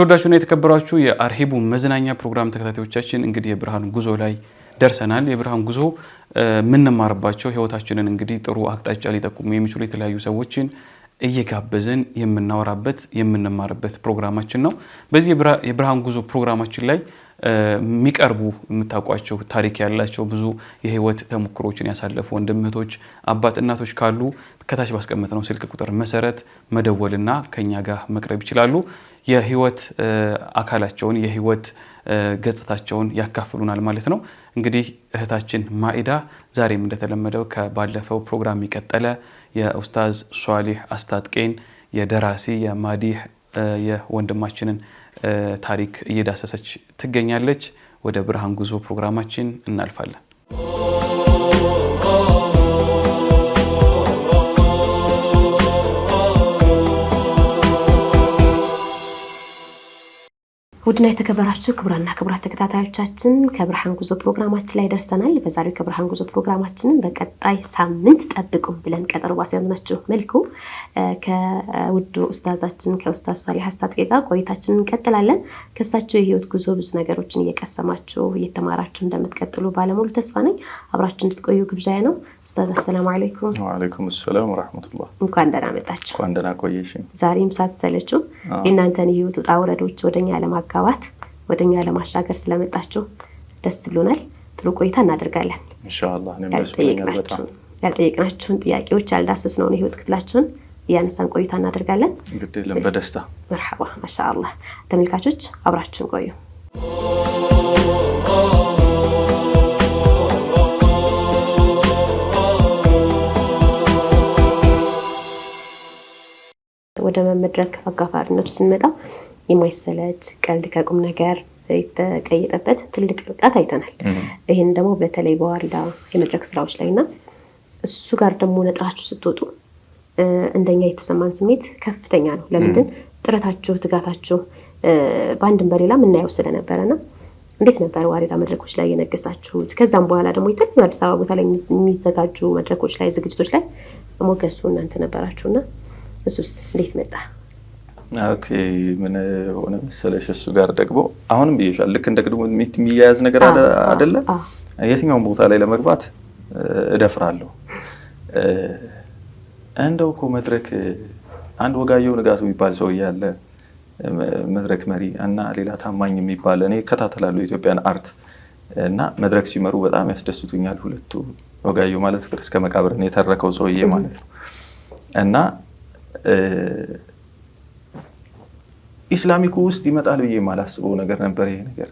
የተወዳችሁና የተከበራችሁ የአርሂቡ መዝናኛ ፕሮግራም ተከታታዮቻችን እንግዲህ የብርሃን ጉዞ ላይ ደርሰናል። የብርሃን ጉዞ የምንማርባቸው ህይወታችንን እንግዲህ ጥሩ አቅጣጫ ሊጠቁሙ የሚችሉ የተለያዩ ሰዎችን እየጋበዘን የምናወራበት የምንማርበት ፕሮግራማችን ነው። በዚህ የብርሃን ጉዞ ፕሮግራማችን ላይ የሚቀርቡ የምታውቋቸው ታሪክ ያላቸው ብዙ የህይወት ተሞክሮችን ያሳለፉ ወንድም እህቶች፣ አባት እናቶች ካሉ ከታች ባስቀመጥነው ስልክ ቁጥር መሰረት መደወልና ከኛ ጋር መቅረብ ይችላሉ። የህይወት አካላቸውን የህይወት ገጽታቸውን ያካፍሉናል ማለት ነው። እንግዲህ እህታችን ማኢዳ ዛሬም እንደተለመደው ከባለፈው ፕሮግራም የቀጠለ የኡስታዝ ሷሊህ አስታጥቄን የደራሲ የማዲህ የወንድማችንን ታሪክ እየዳሰሰች ትገኛለች። ወደ ብርሃን ጉዞ ፕሮግራማችን እናልፋለን። ውድና የተከበራችሁ ክቡራና ክቡራት ተከታታዮቻችን ከብርሃን ጉዞ ፕሮግራማችን ላይ ደርሰናል። በዛሬው ከብርሃን ጉዞ ፕሮግራማችንን በቀጣይ ሳምንት ጠብቁም ብለን ቀጠሮ ባስያዝናችሁ መልኩ ከውዱ ኡስታዛችን ከኡስታዝ ሷሊህ አስታጥቄ ጋር ቆይታችንን እንቀጥላለን። ከእሳቸው የህይወት ጉዞ ብዙ ነገሮችን እየቀሰማችሁ እየተማራችሁ እንደምትቀጥሉ ባለሙሉ ተስፋ ነኝ። አብራችሁ እንድትቆዩ ግብዣዬ ነው። ኡስታዝ አሰላሙ አለይኩም። ወአለይኩም ሰላም ወራህመቱላህ። እንኳን ደህና መጣችሁ። እንኳን ደህና ቆየሽ። ዛሬም ሳትሰለችው የእናንተን የህይወት ውጣ ውረዶች ወደኛ ለማጋባት ወደኛ ለማሻገር ስለመጣችሁ ደስ ብሎናል። ጥሩ ቆይታ እናደርጋለን ኢንሻአላህ። ያልጠየቅናችሁን ጥያቄዎች ያልዳሰስነውን የህይወት ክፍላችሁን እያነሳን ቆይታ እናደርጋለን። ግድ የለም በደስታ መርሐባ። ማሻአላህ ተመልካቾች አብራችሁን ቆዩ። ወደ መድረክ አጋፋሪነቱ ስንመጣ የማይሰለች ቀልድ ከቁም ነገር የተቀየጠበት ትልቅ ብቃት አይተናል። ይህን ደግሞ በተለይ በዋልዳ የመድረክ ስራዎች ላይ እና እሱ ጋር ደግሞ ነጥራችሁ ስትወጡ እንደኛ የተሰማን ስሜት ከፍተኛ ነው። ለምንድን ጥረታችሁ፣ ትጋታችሁ በአንድም በሌላ የምናየው ና እንዴት ነበር ዋልዳ መድረኮች ላይ የነገሳችሁት? ከዛም በኋላ ደግሞ የተለያዩ አዲስ አበባ ቦታ ላይ የሚዘጋጁ መድረኮች ላይ ዝግጅቶች ላይ ሞገሱ እናንተ ነበራችሁና እሱስ እንዴት መጣ? ምን ሆነ መሰለሽ፣ እሱ ጋር ደግሞ አሁንም ብዬሻል። ልክ እንደ ቅድሞ የሚያያዝ ነገር አደለ። የትኛውን ቦታ ላይ ለመግባት እደፍራለሁ። እንደው እኮ መድረክ አንድ ወጋየሁ ንጋቱ የሚባል ሰውዬ አለ፣ መድረክ መሪ እና ሌላ ታማኝ የሚባል እኔ እከታተላለሁ የኢትዮጵያን አርት እና መድረክ ሲመሩ በጣም ያስደስቱኛል ሁለቱ። ወጋየሁ ማለት ፍቅር እስከ መቃብርን የተረከው ሰውዬ ማለት ነው እና ኢስላሚኩ ውስጥ ይመጣል ብዬ የማላስበው ነገር ነበር። ይሄ ነገር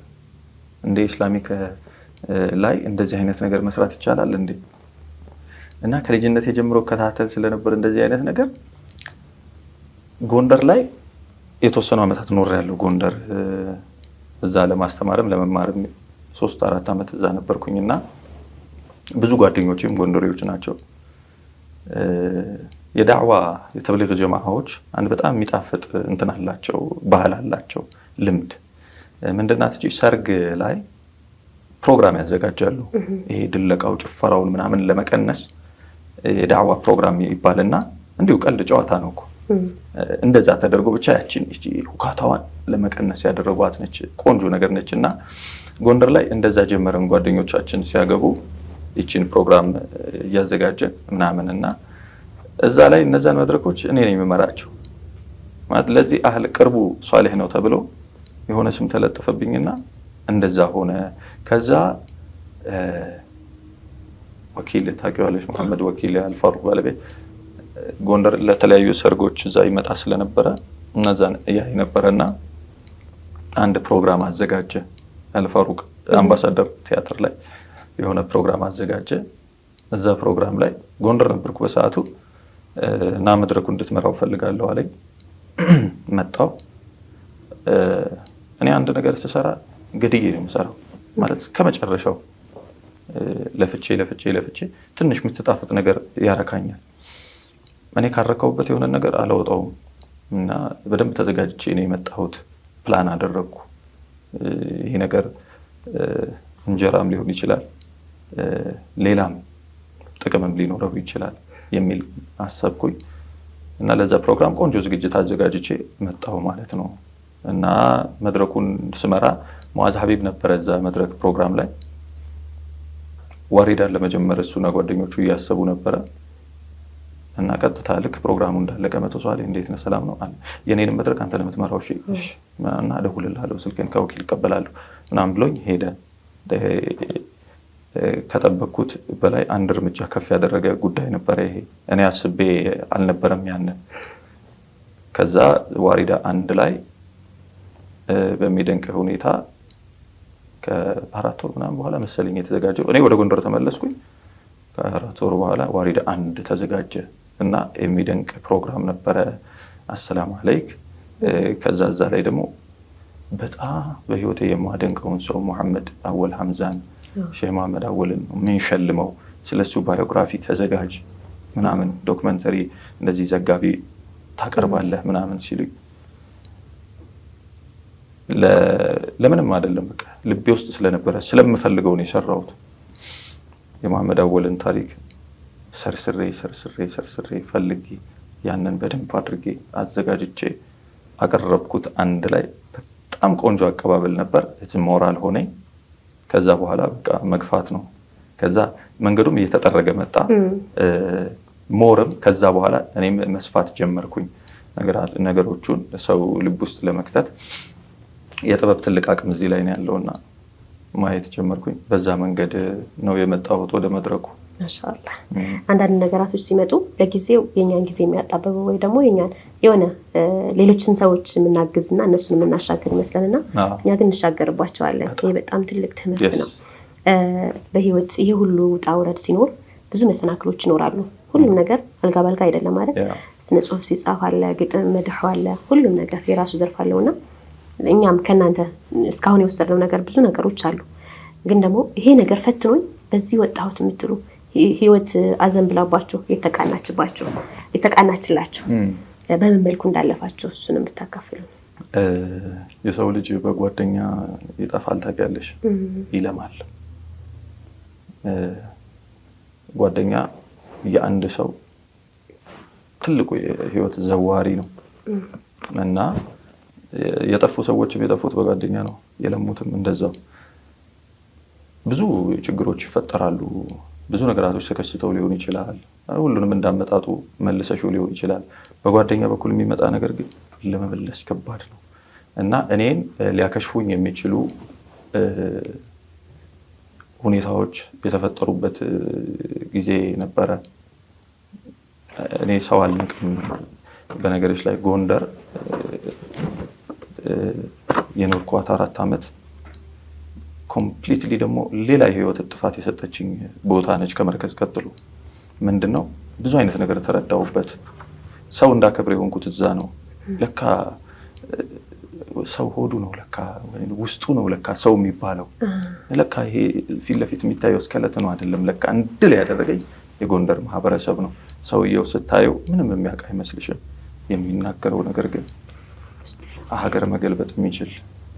እንደ ኢስላሚክ ላይ እንደዚህ አይነት ነገር መስራት ይቻላል እንዴ? እና ከልጅነት የጀምሮ ከታተል ስለነበር እንደዚህ አይነት ነገር ጎንደር ላይ የተወሰኑ ዓመታት ያለው ጎንደር እዛ ለማስተማርም ለመማርም ሶስት አራት ዓመት እዛ ነበርኩኝ እና ብዙ ጓደኞችም ጎንደሬዎች ናቸው። የዳዕዋ የተብሊግ ጀማዎች አንድ በጣም የሚጣፍጥ እንትን አላቸው፣ ባህል አላቸው፣ ልምድ ምንድናት ሰርግ ላይ ፕሮግራም ያዘጋጃሉ። ይሄ ድለቃው ጭፈራውን ምናምን ለመቀነስ የዳዕዋ ፕሮግራም ይባልና እንዲሁ ቀልድ ጨዋታ ነው እኮ እንደዛ ተደርጎ ብቻ ያችን ሁካታዋን ለመቀነስ ያደረጓት ነች። ቆንጆ ነገር ነች እና ጎንደር ላይ እንደዛ ጀመረን ጓደኞቻችን ሲያገቡ ይችን ፕሮግራም እያዘጋጀን ምናምን እና እዛ ላይ እነዛን መድረኮች እኔ ነኝ የምመራቸው። ማለት ለዚህ አህል ቅርቡ ሷሌህ ነው ተብሎ የሆነ ስም ተለጠፈብኝና እንደዛ ሆነ። ከዛ ወኪል ታውቂዋለሽ፣ መሐመድ ወኪል አልፋሩቅ ባለቤት ጎንደር ለተለያዩ ሰርጎች እዛ ይመጣ ስለነበረ እነዛን ያ የነበረና አንድ ፕሮግራም አዘጋጀ። አልፋሩቅ አምባሳደር ቲያትር ላይ የሆነ ፕሮግራም አዘጋጀ። እዛ ፕሮግራም ላይ ጎንደር ነበርኩ በሰዓቱ እና መድረኩ እንድትመራው ፈልጋለሁ አለኝ። መጣው። እኔ አንድ ነገር ስሰራ ገድዬ ነው የምሰራው፣ ማለት ከመጨረሻው ለፍቼ ለፍቼ ለፍቼ ትንሽ የምትጣፍጥ ነገር ያረካኛል። እኔ ካረከውበት የሆነ ነገር አለወጣውም። እና በደንብ ተዘጋጅቼ ነው የመጣሁት። ፕላን አደረግኩ። ይሄ ነገር እንጀራም ሊሆን ይችላል፣ ሌላም ጥቅምም ሊኖረው ይችላል። የሚል አሰብኩኝ እና ለዛ ፕሮግራም ቆንጆ ዝግጅት አዘጋጅቼ መጣሁ ማለት ነው። እና መድረኩን ስመራ መዋዝ ሀቢብ ነበረ እዛ መድረክ ፕሮግራም ላይ ዋሪዳን ለመጀመር እሱና ጓደኞቹ እያሰቡ ነበረ። እና ቀጥታ ልክ ፕሮግራሙ እንዳለቀ መቶ ሰዋል እንዴት ነህ ሰላም ነው አለ። የኔንም መድረክ አንተ ለምትመራው እና እደውልልሃለሁ ስልክን ከወኪል ይቀበላለሁ ምናምን ብሎኝ ሄደ። ከጠበቅኩት በላይ አንድ እርምጃ ከፍ ያደረገ ጉዳይ ነበረ። ይሄ እኔ አስቤ አልነበረም ያንን። ከዛ ዋሪዳ አንድ ላይ በሚደንቅ ሁኔታ ከአራት ወር ምናምን በኋላ መሰለኝ የተዘጋጀው እኔ ወደ ጎንደር ተመለስኩኝ። ከአራት ወር በኋላ ዋሪዳ አንድ ተዘጋጀ እና የሚደንቅ ፕሮግራም ነበረ። አሰላም አለይክ። ከዛ እዛ ላይ ደግሞ በጣም በህይወቴ የማደንቀውን ሰው ሙሐመድ አወል ሐምዛን ሼህ መሐመድ አወልን የምንሸልመው ስለሱ ባዮግራፊ ተዘጋጅ ምናምን ዶክመንተሪ እንደዚህ ዘጋቢ ታቀርባለህ ምናምን ሲሉ ለምንም አይደለም በቃ ልቤ ውስጥ ስለነበረ ስለምፈልገው ነው የሰራሁት። የመሐመድ አወልን ታሪክ ሰርስሬ ሰርስሬ ሰርስሬ ፈልጌ ያንን በደንብ አድርጌ አዘጋጅቼ አቀረብኩት። አንድ ላይ በጣም ቆንጆ አቀባበል ነበር። ሞራል ሆነኝ። ከዛ በኋላ በቃ መግፋት ነው። ከዛ መንገዱም እየተጠረገ መጣ። ሞርም ከዛ በኋላ እኔም መስፋት ጀመርኩኝ ነገሮቹን ሰው ልብ ውስጥ ለመክተት የጥበብ ትልቅ አቅም እዚህ ላይ ነው ያለውና ማየት ጀመርኩኝ። በዛ መንገድ ነው የመጣሁት ወደ መድረኩ። ማሻአላህ አንዳንድ ነገራቶች ሲመጡ ለጊዜው የኛን ጊዜ የሚያጣበበው ወይ ደግሞ የኛን የሆነ ሌሎችን ሰዎች የምናግዝና እነሱን የምናሻገር ይመስለንና እኛ ግን እንሻገርባቸዋለን። ይሄ በጣም ትልቅ ትምህርት ነው። በህይወት ይሄ ሁሉ ውጣ ውረድ ሲኖር ብዙ መሰናክሎች ይኖራሉ። ሁሉም ነገር አልጋ ባልጋ አይደለም ማለት ስነ ጽሁፍ ሲጻፍ አለ፣ ግጥም መድሖ አለ፣ ሁሉም ነገር የራሱ ዘርፍ እና እኛም ከእናንተ እስካሁን የወሰድነው ነገር ብዙ ነገሮች አሉ። ግን ደግሞ ይሄ ነገር ፈትኖኝ በዚህ ወጣሁት የምትሉ ህይወት አዘንብላባችሁ የተቃናችባችሁ የተቃናችላችሁ በምን መልኩ እንዳለፋቸው እሱን የምታካፍሉ የሰው ልጅ በጓደኛ ይጠፋል፣ ታውቂያለሽ፣ ይለማል። ጓደኛ የአንድ ሰው ትልቁ የህይወት ዘዋሪ ነው እና የጠፉ ሰዎችም የጠፉት በጓደኛ ነው፣ የለሙትም እንደዛው። ብዙ ችግሮች ይፈጠራሉ፣ ብዙ ነገራቶች ተከስተው ሊሆን ይችላል። ሁሉንም እንዳመጣጡ መልሰሽው ሊሆን ይችላል። በጓደኛ በኩል የሚመጣ ነገር ግን ለመመለስ ከባድ ነው እና እኔን ሊያከሽፉኝ የሚችሉ ሁኔታዎች የተፈጠሩበት ጊዜ ነበረ። እኔ ሰው አልንቅም። በነገሮች ላይ ጎንደር የኖርኳት አራት ዓመት ኮምፕሊትሊ ደግሞ ሌላ የህይወት ጥፋት የሰጠችኝ ቦታ ነች ከመርከዝ ቀጥሎ ምንድን ነው ብዙ አይነት ነገር ተረዳሁበት። ሰው እንዳከብር የሆንኩት እዛ ነው። ለካ ሰው ሆዱ ነው ለካ ውስጡ ነው ለካ ሰው የሚባለው ለካ ይሄ ፊት ለፊት የሚታየው እስከለት ነው አይደለም። ለካ እንድል ያደረገኝ የጎንደር ማህበረሰብ ነው። ሰውየው ስታየው ምንም የሚያውቅ አይመስልሽም። የሚናገረው ነገር ግን ሀገር መገልበጥ የሚችል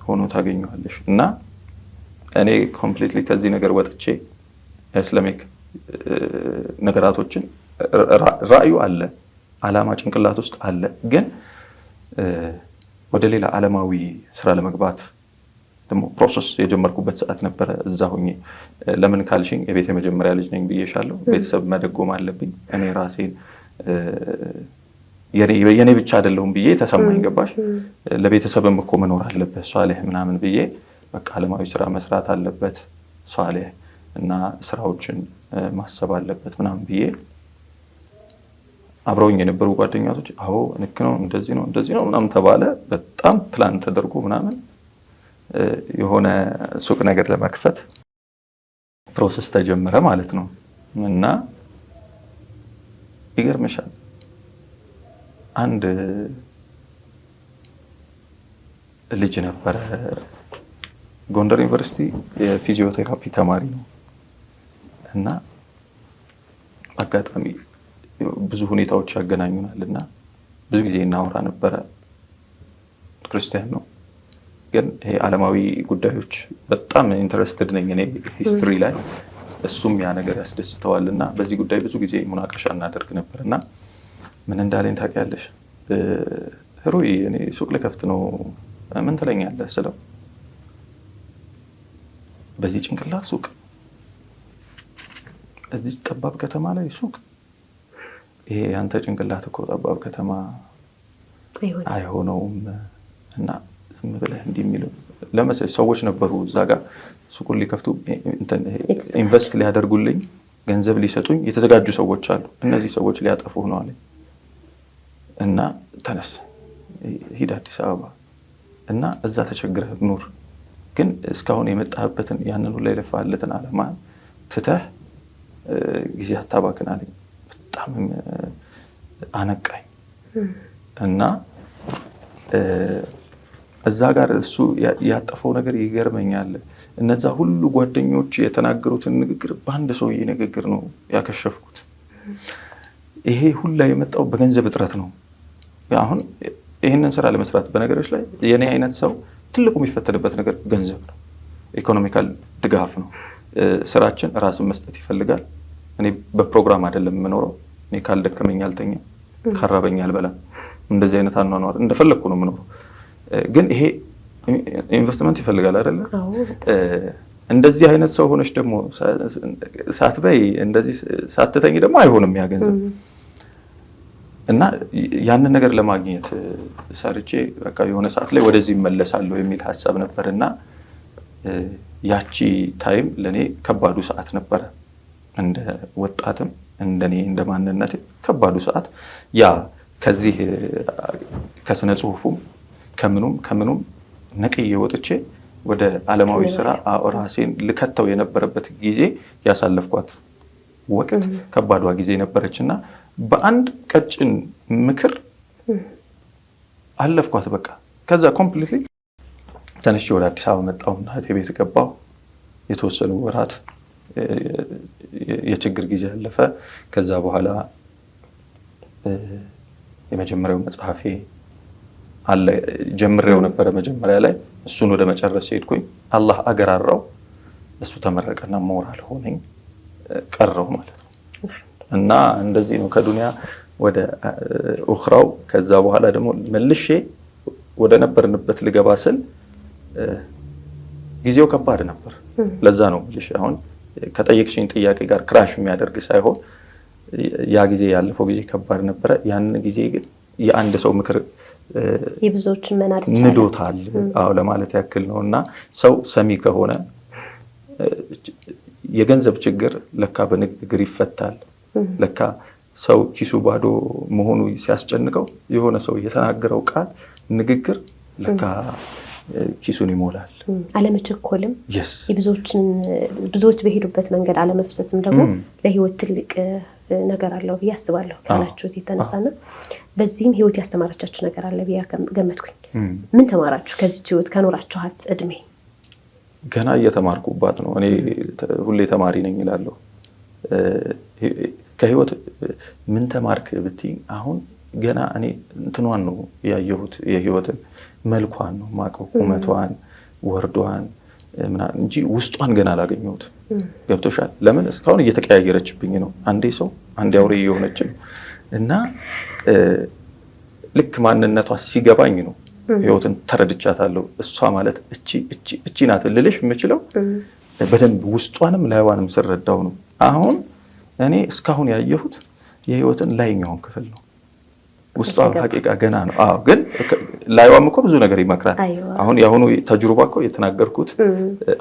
ሆኖ ታገኘዋለሽ። እና እኔ ኮምፕሊትሊ ከዚህ ነገር ወጥቼ ስለሜክ ነገራቶችን ራእዩ አለ፣ አላማ ጭንቅላት ውስጥ አለ። ግን ወደ ሌላ አለማዊ ስራ ለመግባት ደግሞ ፕሮሰስ የጀመርኩበት ሰዓት ነበረ። እዛ ሆኜ ለምን ካልሽኝ የቤት የመጀመሪያ ልጅ ነኝ ብዬሻለሁ። ቤተሰብ መደጎም አለብኝ። እኔ ራሴን የእኔ ብቻ አይደለሁም ብዬ ተሰማኝ። ገባሽ? ለቤተሰብም እኮ መኖር አለበት ሷሌህ ምናምን ብዬ በቃ አለማዊ ስራ መስራት አለበት ሷሌህ እና ስራዎችን ማሰብ አለበት ምናምን ብዬ አብረውኝ የነበሩ ጓደኛቶች አዎ ንክ ነው፣ እንደዚህ ነው፣ እንደዚህ ነው ምናምን ተባለ። በጣም ፕላን ተደርጎ ምናምን የሆነ ሱቅ ነገር ለመክፈት ፕሮሰስ ተጀመረ ማለት ነው። እና ይገርምሻል አንድ ልጅ ነበረ ጎንደር ዩኒቨርሲቲ የፊዚዮቴራፒ ተማሪ ነው እና አጋጣሚ ብዙ ሁኔታዎች ያገናኙናል እና ብዙ ጊዜ እናወራ ነበረ። ክርስቲያን ነው ግን ይሄ ዓለማዊ ጉዳዮች በጣም ኢንትረስትድ ነኝ እኔ ሂስትሪ ላይ እሱም ያ ነገር ያስደስተዋል እና በዚህ ጉዳይ ብዙ ጊዜ ሙናቀሻ እናደርግ ነበር እና ምን እንዳለኝ ታውቂያለሽ? ሩይ እኔ ሱቅ ልከፍት ነው ምን ትለኛለህ ስለው በዚህ ጭንቅላት ሱቅ እዚህ ጠባብ ከተማ ላይ ሱቅ ይሄ ያንተ ጭንቅላት እኮ ጠባብ ከተማ አይሆነውም። እና ዝም ብለህ እንዲህ የሚሉ ለመሰለኝ ሰዎች ነበሩ እዛ ጋር ሱቁን ሊከፍቱ ኢንቨስት ሊያደርጉልኝ ገንዘብ ሊሰጡኝ የተዘጋጁ ሰዎች አሉ። እነዚህ ሰዎች ሊያጠፉ ሆነዋል። እና ተነስ ሂድ አዲስ አበባ እና እዛ ተቸግረህ ኑር። ግን እስካሁን የመጣህበትን ያንን ሁላ የለፋህለትን አለማ ትተህ ጊዜ አታባክን አለኝ። በጣም አነቃኝ እና እዛ ጋር እሱ ያጠፈው ነገር ይገርመኛል። እነዛ ሁሉ ጓደኞች የተናገሩትን ንግግር በአንድ ሰውዬ ንግግር ነው ያከሸፍኩት። ይሄ ሁላ የመጣው በገንዘብ እጥረት ነው። አሁን ይህንን ስራ ለመስራት በነገሮች ላይ የኔ አይነት ሰው ትልቁ የሚፈተንበት ነገር ገንዘብ ነው፣ ኢኮኖሚካል ድጋፍ ነው። ስራችን ራስን መስጠት ይፈልጋል። እኔ በፕሮግራም አይደለም የምኖረው። እኔ ካልደከመኝ አልተኛም፣ ካራበኝ አልበላም። እንደዚህ አይነት አኗኗር እንደፈለግኩ ነው የምኖረው። ግን ይሄ ኢንቨስትመንት ይፈልጋል አይደለም? እንደዚህ አይነት ሰው ሆነች ደግሞ ሳትበይ እንደዚህ ሳትተኝ ደግሞ አይሆንም ያገንዘብ እና ያንን ነገር ለማግኘት ሰርቼ በቃ የሆነ ሰዓት ላይ ወደዚህ እመለሳለሁ የሚል ሀሳብ ነበር እና ያቺ ታይም ለእኔ ከባዱ ሰዓት ነበረ። እንደ ወጣትም እንደኔ እንደ ማንነት ከባዱ ሰዓት ያ ከዚህ ከስነ ጽሁፉም ከምኑም ከምኑም ነቅዬ ወጥቼ ወደ አለማዊ ስራ ራሴን ልከተው የነበረበት ጊዜ ያሳለፍኳት ወቅት ከባዷ ጊዜ ነበረች እና በአንድ ቀጭን ምክር አለፍኳት። በቃ ከዛ ኮምፕሊትሊ ተነሽ ወደ አዲስ አበባ መጣሁ። እህቴ ቤት ገባሁ የተወሰኑ ወራት የችግር ጊዜ አለፈ። ከዛ በኋላ የመጀመሪያው መጽሐፌ አለ ጀምሬው ነበረ መጀመሪያ ላይ እሱን ወደ መጨረስ ሄድኩኝ። አላህ አገራራው። እሱ ተመረቀና ሞራል ሆነኝ ቀረው ማለት ነው። እና እንደዚህ ነው ከዱንያ ወደ ኡኽራው። ከዛ በኋላ ደግሞ መልሼ ወደ ነበርንበት ልገባ ስል ጊዜው ከባድ ነበር። ለዛ ነው ልሽ አሁን ከጠየቅሽኝ ጥያቄ ጋር ክራሽ የሚያደርግ ሳይሆን ያ ጊዜ ያለፈው ጊዜ ከባድ ነበረ። ያንን ጊዜ ግን የአንድ ሰው ምክር የብዙዎችን መናድ ንዶታል። አዎ ለማለት ያክል ነው። እና ሰው ሰሚ ከሆነ የገንዘብ ችግር ለካ በንግግር ይፈታል። ለካ ሰው ኪሱ ባዶ መሆኑ ሲያስጨንቀው የሆነ ሰው የተናገረው ቃል ንግግር ለካ ኪሱን ይሞላል። አለመቸኮልም ብዙዎች በሄዱበት መንገድ አለመፍሰስም ደግሞ mm. ለህይወት ትልቅ ነገር አለው ብዬ አስባለሁ። ah. ካላችሁት የተነሳና ah. በዚህም ህይወት ያስተማረቻችሁ ነገር አለ ብዬ ገመትኩኝ። mm. ምን ተማራችሁ ከዚች ህይወት ከኖራችኋት እድሜ? ገና እየተማርኩባት ነው። እኔ ሁሌ ተማሪ ነኝ ይላለሁ። ከህይወት ምን ተማርክ ብትይ አሁን ገና እኔ እንትኗን ነው ያየሁት የህይወትን መልኳን ነው ማቀው ቁመቷን፣ ወርዷን እንጂ ውስጧን ገና አላገኘሁትም። ገብቶሻል? ለምን እስካሁን እየተቀያየረችብኝ ነው። አንዴ ሰው አንዴ አውሬ እየሆነች ነው። እና ልክ ማንነቷ ሲገባኝ ነው ህይወትን ተረድቻታለሁ። እሷ ማለት እቺ እቺ እቺ ናት ልልሽ የምችለው በደንብ ውስጧንም ላይዋንም ስረዳው ነው። አሁን እኔ እስካሁን ያየሁት የህይወትን ላይኛውን ክፍል ነው። ውስጧ ሀቂቃ ገና ነው። አዎ ግን ላይዋም እኮ ብዙ ነገር ይመክራል። አሁን የአሁኑ ተጅሩባ እኮ የተናገርኩት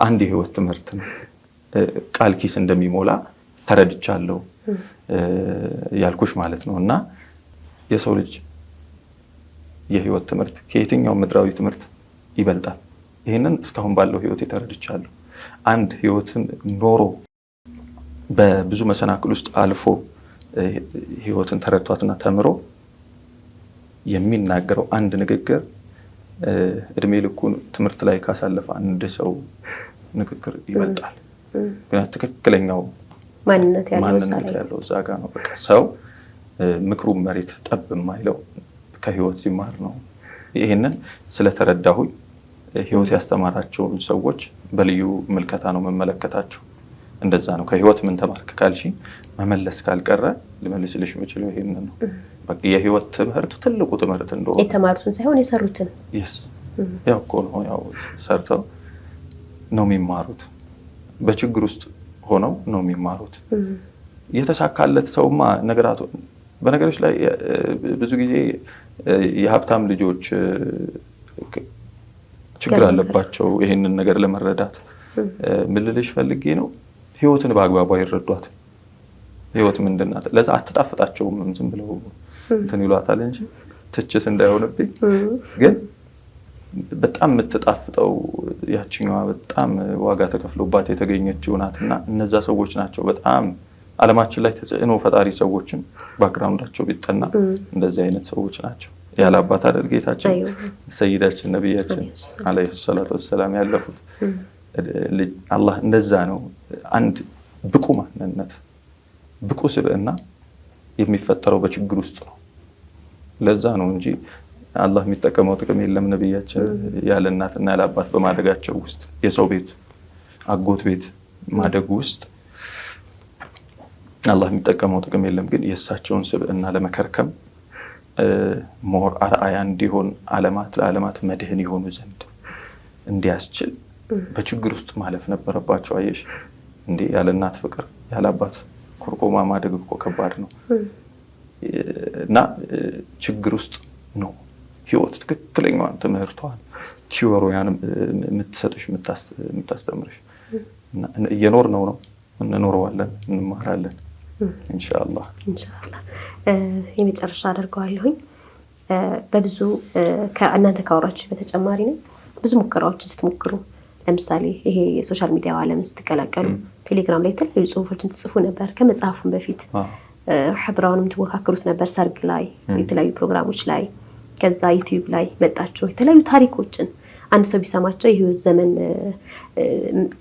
አንድ የህይወት ትምህርት ነው። ቃል ኪስ እንደሚሞላ ተረድቻለሁ ያልኩሽ ማለት ነው። እና የሰው ልጅ የህይወት ትምህርት ከየትኛው ምድራዊ ትምህርት ይበልጣል። ይህንን እስካሁን ባለው ህይወት የተረድቻለሁ። አንድ ህይወትን ኖሮ በብዙ መሰናክል ውስጥ አልፎ ህይወትን ተረድቷትና ተምሮ የሚናገረው አንድ ንግግር እድሜ ልኩን ትምህርት ላይ ካሳለፈ አንድ ሰው ንግግር ይበልጣል። ምክንያቱ ትክክለኛው ማንነት ያለው እዛ ጋ ነው። በቃ ሰው ምክሩን መሬት ጠብ የማይለው ከህይወት ሲማር ነው። ይህንን ስለተረዳሁኝ ህይወት ያስተማራቸውን ሰዎች በልዩ ምልከታ ነው መመለከታቸው። እንደዛ ነው። ከህይወት ምን ተማርክ ካልሽ መመለስ ካልቀረ ልመልስልሽ የምችለው ይህንን ነው። የህይወት ትምህርት ትልቁ ትምህርት እንደሆነ የተማሩትን ሳይሆን የሰሩትን ያው እኮ ነው። ያው ሰርተው ነው የሚማሩት። በችግር ውስጥ ሆነው ነው የሚማሩት። የተሳካለት ሰውማ ነገራቱ በነገሮች ላይ ብዙ ጊዜ የሀብታም ልጆች ችግር አለባቸው። ይሄንን ነገር ለመረዳት ምልልሽ ፈልጌ ነው፣ ህይወትን በአግባቡ አይረዷት። ህይወት ምንድናት ለዛ አትጣፍጣቸውም ዝም ብለው እንትን ይሏታል እንጂ ትችት እንዳይሆንብኝ ግን በጣም የምትጣፍጠው ያችኛዋ በጣም ዋጋ ተከፍሎባት የተገኘችው ናት እና እነዛ ሰዎች ናቸው በጣም አለማችን ላይ ተጽዕኖ ፈጣሪ ሰዎችን ባክግራውንዳቸው ቢጠና እንደዚህ አይነት ሰዎች ናቸው። ያለ አባት አደል ጌታችን ሰይዳችን ነቢያችን አለይሂ ሰላቱ ወሰላም ያለፉት። አላህ እንደዛ ነው። አንድ ብቁ ማንነት ብቁ ስብዕና የሚፈጠረው በችግር ውስጥ ነው። ለዛ ነው እንጂ አላህ የሚጠቀመው ጥቅም የለም። ነብያችን ያለ እናትና ያለ አባት በማደጋቸው ውስጥ የሰው ቤት አጎት ቤት ማደግ ውስጥ አላህ የሚጠቀመው ጥቅም የለም። ግን የእሳቸውን ስብዕና ለመከርከም ሞር አርአያ እንዲሆን አለማት ለአለማት መድህን የሆኑ ዘንድ እንዲያስችል በችግር ውስጥ ማለፍ ነበረባቸው። አየሽ እንዴ ያለ እናት ፍቅር ያለ አባት ኮርኮማ ማደግ እኮ ከባድ ነው። እና ችግር ውስጥ ነው ህይወት ትክክለኛዋን ትምህርቷን ቲዮሪያን የምትሰጥሽ የምታስተምርሽ እየኖር ነው ነው እንኖረዋለን፣ እንማራለን። እንሻላ እንሻላ የመጨረሻ አደርገዋለሁኝ። በብዙ ከእናንተ ካወራች በተጨማሪ ነው ብዙ ሙከራዎችን ስትሞክሩ፣ ለምሳሌ ይሄ የሶሻል ሚዲያ ዓለም ስትቀላቀሉ ቴሌግራም ላይ የተለያዩ ጽሁፎችን ትጽፉ ነበር ከመጽሐፉን በፊት ሐድራውንም ትወካከሩት ነበር ሰርግ ላይ፣ የተለያዩ ፕሮግራሞች ላይ፣ ከዛ ዩቲዩብ ላይ መጣችሁ የተለያዩ ታሪኮችን አንድ ሰው ቢሰማቸው ይህ ዘመን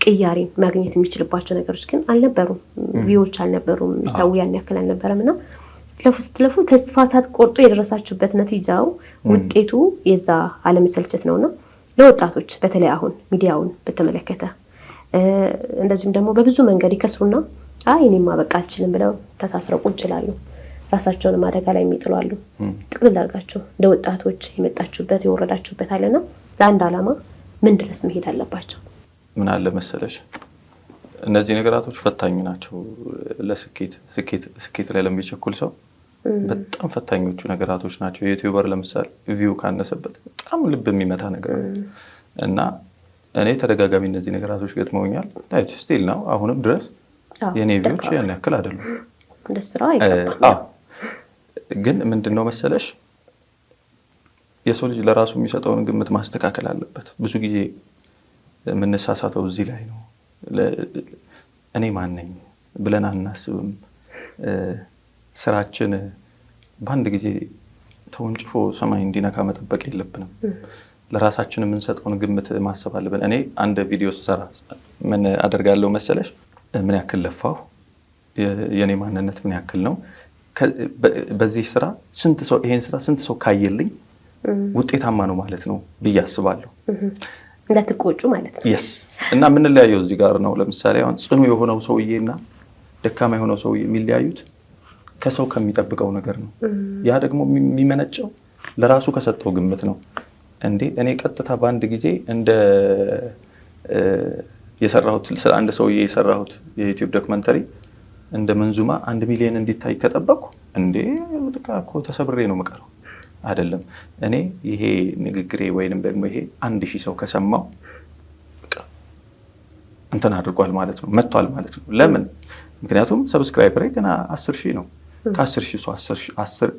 ቅያሬ ማግኘት የሚችልባቸው ነገሮች ግን አልነበሩም። ቪዎች አልነበሩም። ሰው ያን ያክል አልነበረም እና ስትለፉ ስትለፉ ተስፋ ሳትቆርጡ የደረሳችሁበት ነቲጃው ውጤቱ የዛ አለመሰልቸት ነውና ለወጣቶች በተለይ አሁን ሚዲያውን በተመለከተ እንደዚሁም ደግሞ በብዙ መንገድ ይከስሩና እኔም ማበቃ አልችልም ብለው ተሳስረው ቁጭ ይላሉ። ራሳቸውንም አደጋ ላይ የሚጥሉ አሉ። ጥቅልል አድርጋችሁ እንደ ወጣቶች የመጣችሁበት የወረዳችሁበት አለና ለአንድ ዓላማ ምን ድረስ መሄድ አለባቸው? ምን አለ መሰለሽ እነዚህ ነገራቶች ፈታኙ ናቸው። ለስኬት ስኬት ላይ ለሚቸኩል ሰው በጣም ፈታኞቹ ነገራቶች ናቸው። የዩቲዩበር ለምሳሌ ቪው ካነሰበት በጣም ልብ የሚመታ ነገር ነው እና እኔ ተደጋጋሚ እነዚህ ነገራቶች ገጥመውኛል። ስቲል ነው አሁንም ድረስ የእኔ ቪዎች ያን ያክል አይደሉም። ግን ምንድን ነው መሰለሽ የሰው ልጅ ለራሱ የሚሰጠውን ግምት ማስተካከል አለበት። ብዙ ጊዜ የምንሳሳተው እዚህ ላይ ነው። እኔ ማነኝ ብለን አናስብም። ስራችን በአንድ ጊዜ ተወንጭፎ ሰማይ እንዲነካ መጠበቅ የለብንም። ለራሳችን የምንሰጠውን ግምት ማሰብ አለብን። እኔ አንድ ቪዲዮ ስሰራ ምን አደርጋለሁ መሰለሽ ምን ያክል ለፋሁ፣ የኔ ማንነት ምን ያክል ነው፣ በዚህ ስራ ስንት ሰው ይሄን ስራ ስንት ሰው ካየልኝ ውጤታማ ነው ማለት ነው ብዬ አስባለሁ። እንዳትቆጩ ማለት ነው። የስ እና የምንለያየው እዚህ ጋር ነው። ለምሳሌ አሁን ጽኑ የሆነው ሰውዬና ደካማ የሆነው ሰውዬ የሚለያዩት ከሰው ከሚጠብቀው ነገር ነው። ያ ደግሞ የሚመነጨው ለራሱ ከሰጠው ግምት ነው። እንዴ እኔ ቀጥታ በአንድ ጊዜ እንደ የሰራሁት ስለ አንድ ሰውዬ የሰራሁት የዩቲዩብ ዶክመንተሪ እንደ መንዙማ አንድ ሚሊዮን እንዲታይ ከጠበቅኩ እንዴ እኮ ተሰብሬ ነው የምቀረው። አይደለም እኔ ይሄ ንግግሬ ወይንም ደግሞ ይሄ አንድ ሺህ ሰው ከሰማው እንትን አድርጓል ማለት ነው መጥቷል ማለት ነው። ለምን? ምክንያቱም ሰብስክራይበሬ ገና አስር ሺህ ነው። ከአስር ሺህ ሰው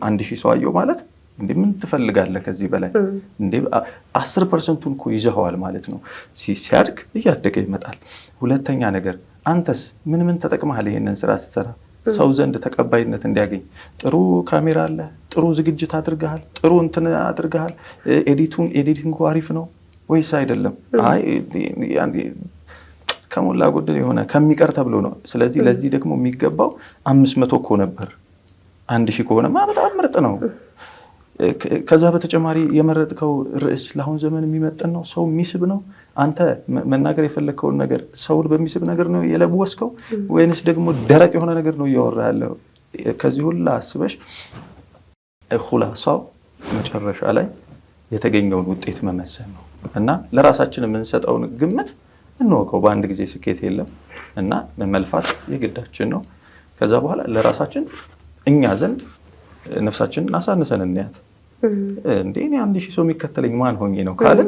አንድ ሺህ ሰው አየው ማለት እንዴ ምን ትፈልጋለህ ከዚህ በላይ እንዴ? አስር ፐርሰንቱን እኮ ይዘኸዋል ማለት ነው። ሲያድግ እያደገ ይመጣል። ሁለተኛ ነገር አንተስ ምን ምን ተጠቅመሃል? ይሄንን ስራ ስትሰራ ሰው ዘንድ ተቀባይነት እንዲያገኝ ጥሩ ካሜራ አለ፣ ጥሩ ዝግጅት አድርገሃል፣ ጥሩ እንትን አድርገሃል። ኤዲቱን ኤዲቲንጉ አሪፍ ነው ወይስ አይደለም? አይ ከሞላ ጎደል የሆነ ከሚቀር ተብሎ ነው። ስለዚህ ለዚህ ደግሞ የሚገባው አምስት መቶ እኮ ነበር አንድ ሺህ ከሆነማ በጣም ምርጥ ነው። ከዛ በተጨማሪ የመረጥከው ርዕስ ለአሁን ዘመን የሚመጠን ነው፣ ሰው የሚስብ ነው። አንተ መናገር የፈለግከውን ነገር ሰውን በሚስብ ነገር ነው የለወስከው ወይንስ ደግሞ ደረቅ የሆነ ነገር ነው እያወራ ያለው? ከዚህ ሁላ አስበሽ ሁላሳው መጨረሻ ላይ የተገኘውን ውጤት መመሰን ነው እና ለራሳችን የምንሰጠውን ግምት እንወቀው። በአንድ ጊዜ ስኬት የለም እና መልፋት የግዳችን ነው። ከዛ በኋላ ለራሳችን እኛ ዘንድ ነፍሳችንን አሳንሰን እንያት። እንዴ እኔ አንድ ሺህ ሰው የሚከተለኝ ማን ሆኜ ነው ካለ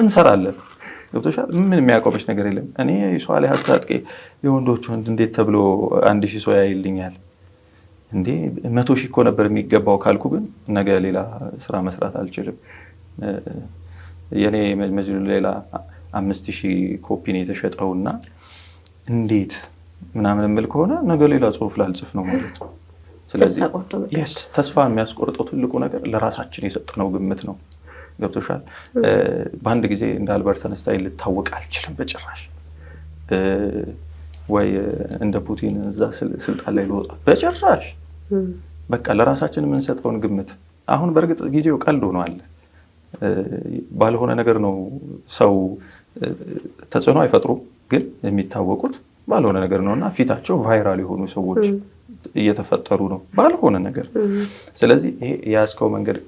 እንሰራለን። ገብቶሻል። ምን የሚያቆመች ነገር የለም። እኔ የሰዋላይ አስታጥቄ የወንዶች ወንድ እንዴት ተብሎ አንድ ሺህ ሰው ያይልኛል እንዴ መቶ ሺህ እኮ ነበር የሚገባው ካልኩ ግን ነገ ሌላ ስራ መስራት አልችልም። የኔ መዝሉ ሌላ አምስት ሺህ ኮፒ ነው የተሸጠውና እንዴት ምናምን የምል ከሆነ ነገ ሌላ ጽሁፍ ላልጽፍ ነው ማለት ነው። ስለዚህ ተስፋ የሚያስቆርጠው ትልቁ ነገር ለራሳችን የሰጠነው ግምት ነው። ገብቶሻል። በአንድ ጊዜ እንደ አልበርት ነስታይ ልታወቅ አልችልም በጭራሽ ወይ እንደ ፑቲን እዛ ስልጣን ላይ ልወጣ በጭራሽ። በቃ ለራሳችን የምንሰጠውን ግምት አሁን በእርግጥ ጊዜው ቀልድ ሆኖ አለ ባልሆነ ነገር ነው ሰው ተጽዕኖ አይፈጥሩም፣ ግን የሚታወቁት ባልሆነ ነገር ነው እና ፊታቸው ቫይራል የሆኑ ሰዎች እየተፈጠሩ ነው ባልሆነ ነገር። ስለዚህ ይሄ የያዝከው መንገድ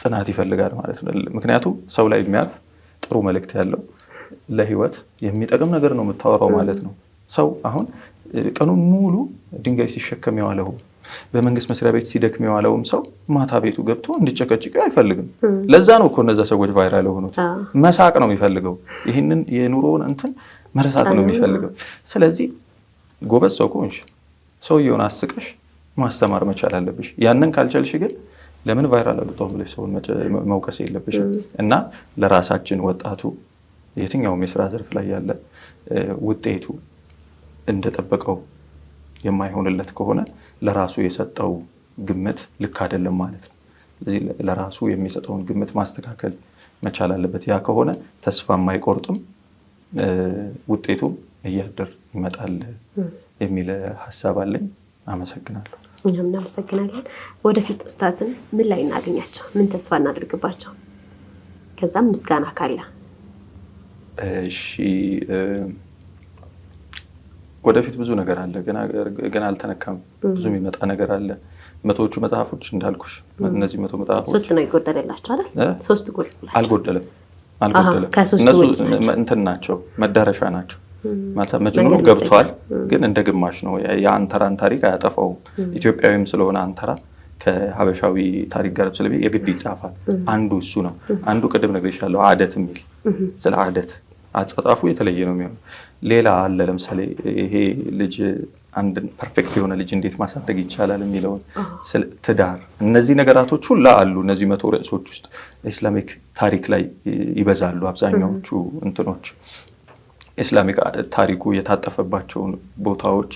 ጽናት ይፈልጋል ማለት ነው። ምክንያቱም ሰው ላይ የሚያልፍ ጥሩ መልእክት ያለው ለህይወት የሚጠቅም ነገር ነው የምታወራው ማለት ነው። ሰው አሁን ቀኑን ሙሉ ድንጋይ ሲሸከም የዋለው በመንግስት መስሪያ ቤት ሲደክም የዋለውም ሰው ማታ ቤቱ ገብቶ እንዲጨቀጭቀ አይፈልግም። ለዛ ነው እኮ እነዛ ሰዎች ቫይራል የሆኑት። መሳቅ ነው የሚፈልገው። ይህንን የኑሮውን እንትን መርሳት ነው የሚፈልገው። ስለዚህ ጎበዝ ሰው ከሆንሽ ሰውየውን አስቀሽ ማስተማር መቻል አለብሽ። ያንን ካልቻልሽ ግን ለምን ቫይራል አልወጣሁም ብለሽ ሰውን መውቀስ የለብሽም። እና ለራሳችን ወጣቱ የትኛውም የስራ ዘርፍ ላይ ያለ ውጤቱ እንደጠበቀው የማይሆንለት ከሆነ ለራሱ የሰጠው ግምት ልክ አይደለም ማለት ነው። ስለዚህ ለራሱ የሚሰጠውን ግምት ማስተካከል መቻል አለበት። ያ ከሆነ ተስፋ የማይቆርጥም ውጤቱም እያደር ይመጣል። የሚል ሀሳብ አለኝ። አመሰግናለሁ። እኛም እናመሰግናለን። ወደፊት ኡስታዝን ምን ላይ እናገኛቸው? ምን ተስፋ እናደርግባቸው? ከዛም ምስጋና ካለ እሺ። ወደፊት ብዙ ነገር አለ፣ ገና አልተነካም። ብዙ የሚመጣ ነገር አለ። መቶዎቹ መጽሐፎች እንዳልኩሽ እነዚህ መቶ መጽሐፎች ሶስት ነው የጎደለላቸው አይደል? ሶስት አልጎደለም፣ አልጎደለም። እነሱ እንትን ናቸው፣ መዳረሻ ናቸው ማለት ገብቷል፣ ግን እንደ ግማሽ ነው። የአንተራን ታሪክ አያጠፋውም። ኢትዮጵያዊም ስለሆነ አንተራ ከሀበሻዊ ታሪክ ጋር ስለ የግድ ይጻፋል። አንዱ እሱ ነው። አንዱ ቅድም ነግሬሻለሁ አደት የሚል ስለ አደት አጻጻፉ የተለየ ነው የሚሆነው። ሌላ አለ ለምሳሌ ይሄ ልጅ አንድ ፐርፌክት የሆነ ልጅ እንዴት ማሳደግ ይቻላል የሚለውን ትዳር፣ እነዚህ ነገራቶች ሁላ አሉ። እነዚህ መቶ ርዕሶች ውስጥ ኢስላሚክ ታሪክ ላይ ይበዛሉ አብዛኛዎቹ እንትኖች ኢስላሚክ ታሪኩ የታጠፈባቸውን ቦታዎች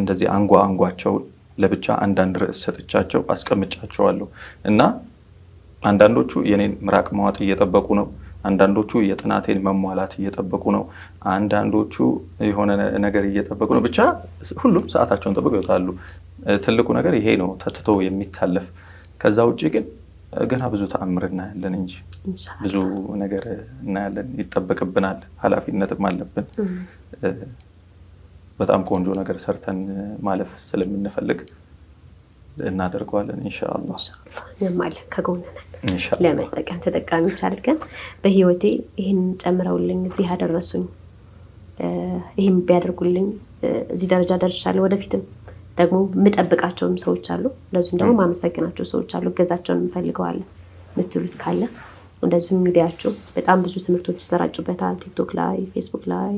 እንደዚህ አንጓ አንጓቸውን ለብቻ አንዳንድ ርዕስ ሰጥቻቸው አስቀምጫቸዋለሁ እና አንዳንዶቹ የኔን ምራቅ መዋጥ እየጠበቁ ነው። አንዳንዶቹ የጥናቴን መሟላት እየጠበቁ ነው። አንዳንዶቹ የሆነ ነገር እየጠበቁ ነው። ብቻ ሁሉም ሰዓታቸውን ጠብቀው ይወጣሉ። ትልቁ ነገር ይሄ ነው፣ ተትቶ የሚታለፍ ከዛ ውጭ ግን ገና ብዙ ተአምር እናያለን እንጂ ብዙ ነገር እናያለን፣ ይጠበቅብናል፣ ኃላፊነትም አለብን። በጣም ቆንጆ ነገር ሰርተን ማለፍ ስለምንፈልግ እናደርገዋለን። እንሻላ ለመጠቀም ተጠቃሚዎች አድርገን በህይወቴ ይህን ጨምረውልኝ እዚህ አደረሱኝ፣ ይህም ቢያደርጉልኝ እዚህ ደረጃ ደርሻለሁ ወደፊትም ደግሞ የምጠብቃቸውም ሰዎች አሉ። እንደዚሁም ደግሞ ማመሰግናቸው ሰዎች አሉ። እገዛቸውን እንፈልገዋለን የምትሉት ካለ እንደዚሁም ሚዲያቸው በጣም ብዙ ትምህርቶች ይሰራጩበታል። ቲክቶክ ላይ፣ ፌስቡክ ላይ፣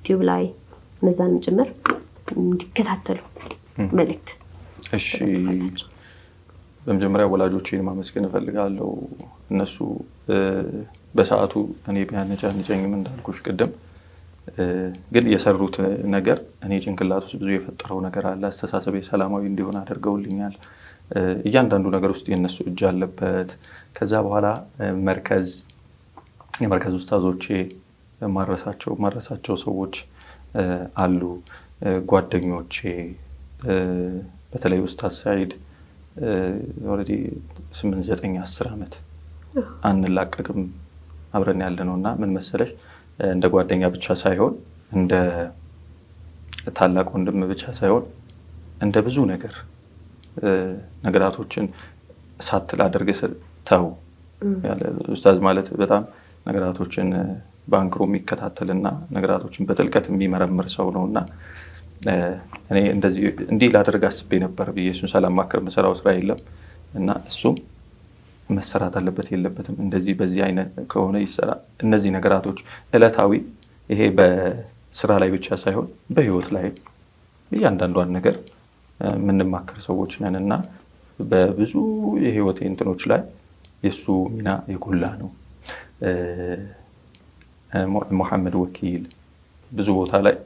ዩቲዩብ ላይ እነዛንም ጭምር እንዲከታተሉ መልእክት። እሺ፣ በመጀመሪያ ወላጆቼን ማመስገን እፈልጋለሁ። እነሱ በሰዓቱ እኔ ቢያነጫንጨኝም እንዳልኩሽ ቅድም ግን የሰሩት ነገር እኔ ጭንቅላት ውስጥ ብዙ የፈጠረው ነገር አለ። አስተሳሰቤ ሰላማዊ እንዲሆን አድርገውልኛል። እያንዳንዱ ነገር ውስጥ የነሱ እጅ አለበት። ከዛ በኋላ መርከዝ የመርከዝ ውስታዞቼ ማረሳቸው ማረሳቸው ሰዎች አሉ። ጓደኞቼ በተለይ ውስታዝ ሳይድ ኦልሬዲ ስምንት ዘጠኝ አስር ዓመት አንላቀቅም አብረን ያለ ነው እና ምን መሰለሽ እንደ ጓደኛ ብቻ ሳይሆን እንደ ታላቅ ወንድም ብቻ ሳይሆን እንደ ብዙ ነገር ነገራቶችን ሳትል አድርገህ ተው ያለ ኡስታዝ ማለት በጣም ነገራቶችን በአንክሮ የሚከታተልና ነገራቶችን በጥልቀት የሚመረምር ሰው ነው እና እኔ እንዲህ ላደርግ አስቤ ነበር ብዬ እሱን ሳላማክር ምሰራው ስራ የለም እና እሱም መሰራት አለበት የለበትም፣ እንደዚህ በዚህ አይነት ከሆነ ይሰራ። እነዚህ ነገራቶች እለታዊ ይሄ በስራ ላይ ብቻ ሳይሆን በህይወት ላይ እያንዳንዷን ነገር የምንማከር ሰዎች ነን እና በብዙ የህይወት እንትኖች ላይ የእሱ ሚና የጎላ ነው። መሐመድ ወኪል ብዙ ቦታ ላይ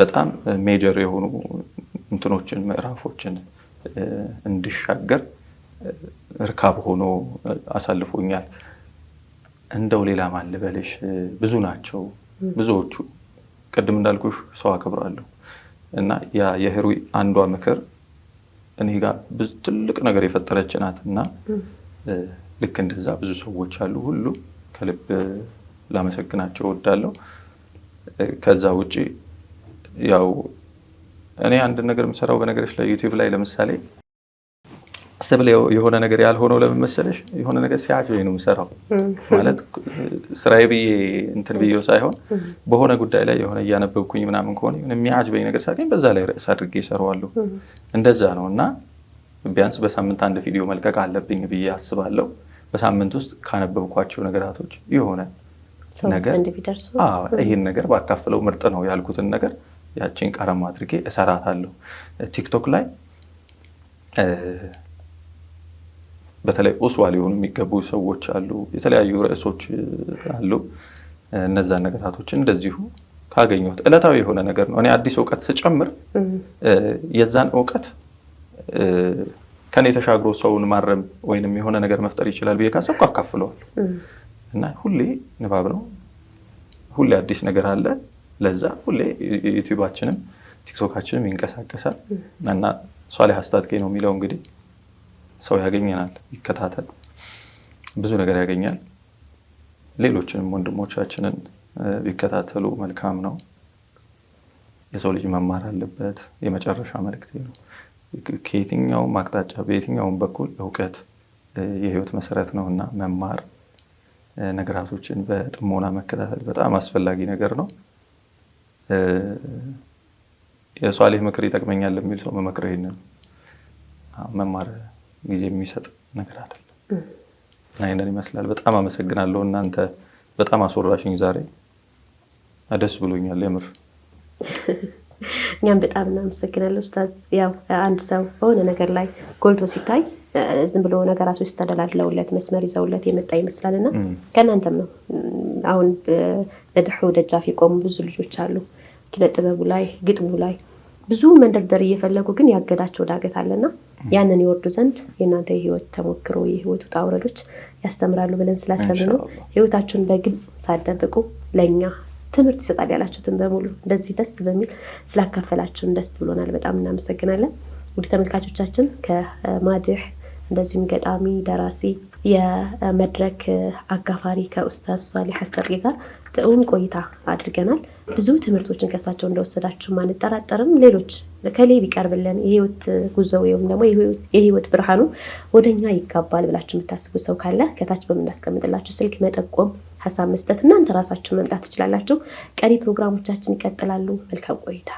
በጣም ሜጀር የሆኑ እንትኖችን ምዕራፎችን እንድሻገር እርካብ ሆኖ አሳልፎኛል። እንደው ሌላ ማን ልበልሽ? ብዙ ናቸው ብዙዎቹ። ቅድም እንዳልኩሽ ሰው አከብራለሁ እና ያ የህሩ አንዷ ምክር እኔ ጋር ትልቅ ነገር የፈጠረች ናት እና ልክ እንደዛ ብዙ ሰዎች አሉ። ሁሉ ከልብ ላመሰግናቸው እወዳለሁ። ከዛ ውጭ ያው እኔ አንድ ነገር የምሰራው በነገሮች ላይ ዩቲዩብ ላይ ለምሳሌ አስተብል የሆነ ነገር ያልሆነው ለምን መሰለሽ፣ የሆነ ነገር ሲያጅበኝ ነው የምሰራው። ማለት ስራዬ ብዬ እንትን ብዬ ሳይሆን በሆነ ጉዳይ ላይ የሆነ እያነበብኩኝ ምናምን ከሆነ የሚያጅበኝ ነገር ሳገኝ በዛ ላይ ርዕስ አድርጌ እሰራዋለሁ። እንደዛ ነው እና ቢያንስ በሳምንት አንድ ቪዲዮ መልቀቅ አለብኝ ብዬ አስባለሁ። በሳምንት ውስጥ ካነበብኳቸው ነገራቶች የሆነ ነገር ነገር ባካፍለው ምርጥ ነው ያልኩትን ነገር ያችን ቀረማ አድርጌ እሰራታለሁ ቲክቶክ ላይ በተለይ ኦስዋ ሊሆኑ የሚገቡ ሰዎች አሉ፣ የተለያዩ ርዕሶች አሉ። እነዛን ነገራቶችን እንደዚሁ ካገኘሁት እለታዊ የሆነ ነገር ነው። እኔ አዲስ እውቀት ስጨምር የዛን እውቀት ከኔ ተሻግሮ ሰውን ማረም ወይንም የሆነ ነገር መፍጠር ይችላል ብዬ ካሰብኩ እና ሁሌ ንባብ ነው። ሁሌ አዲስ ነገር አለ። ለዛ ሁሌ ዩቲዩባችንም ቲክቶካችንም ይንቀሳቀሳል እና ሷሊህ አስታጥቄ ነው የሚለው እንግዲህ ሰው ያገኘናል፣ ይከታተል፣ ብዙ ነገር ያገኛል። ሌሎችንም ወንድሞቻችንን ቢከታተሉ መልካም ነው። የሰው ልጅ መማር አለበት። የመጨረሻ መልክት ነው። ከየትኛውም አቅጣጫ በየትኛውም በኩል እውቀት የህይወት መሰረት ነው እና መማር ነገራቶችን በጥሞና መከታተል በጣም አስፈላጊ ነገር ነው። የሷሌህ ምክር ይጠቅመኛል የሚል ሰው መመክር ይሄንን መማር ጊዜ የሚሰጥ ነገር አይደለም ይህንን ይመስላል። በጣም አመሰግናለሁ። እናንተ በጣም አስወራሽኝ ዛሬ ደስ ብሎኛል የምር። እኛም በጣም እናመሰግናለሁ ያው አንድ ሰው በሆነ ነገር ላይ ጎልቶ ሲታይ ዝም ብሎ ነገራቶች ተደላድለውለት መስመር ይዘውለት የመጣ ይመስላል እና ከእናንተም ነው። አሁን በድሑ ደጃፍ የቆሙ ብዙ ልጆች አሉ ኪነ ጥበቡ ላይ ግጥሙ ላይ ብዙ መንደርደር እየፈለጉ ግን ያገዳቸው ዳገት አለና ያንን የወርዱ ዘንድ የእናንተ የህይወት ተሞክሮ የህይወት ውጣ ውረዶች ያስተምራሉ ብለን ስላሰብ ነው። ህይወታችሁን በግልጽ ሳደብቁ ለእኛ ትምህርት ይሰጣል ያላችሁትን በሙሉ እንደዚህ ደስ በሚል ስላካፈላችሁን ደስ ብሎናል። በጣም እናመሰግናለን። ውድ ተመልካቾቻችን ከማድህ እንደዚሁም ገጣሚ፣ ደራሲ፣ የመድረክ አጋፋሪ ከኡስታዝ ሳሌ ሀስተርጌ ጋር ጥዑም ቆይታ አድርገናል። ብዙ ትምህርቶችን ከሳቸው እንደወሰዳችሁም አንጠራጠርም። ሌሎች ከሌ ቢቀርብልን የህይወት ጉዞ ወይም ደግሞ የህይወት ብርሃኑ ወደኛ ይጋባል ብላችሁ የምታስቡ ሰው ካለ ከታች በምናስቀምጥላችሁ ስልክ መጠቆም፣ ሀሳብ መስጠት፣ እናንተ ራሳችሁ መምጣት ትችላላችሁ። ቀሪ ፕሮግራሞቻችን ይቀጥላሉ። መልካም ቆይታ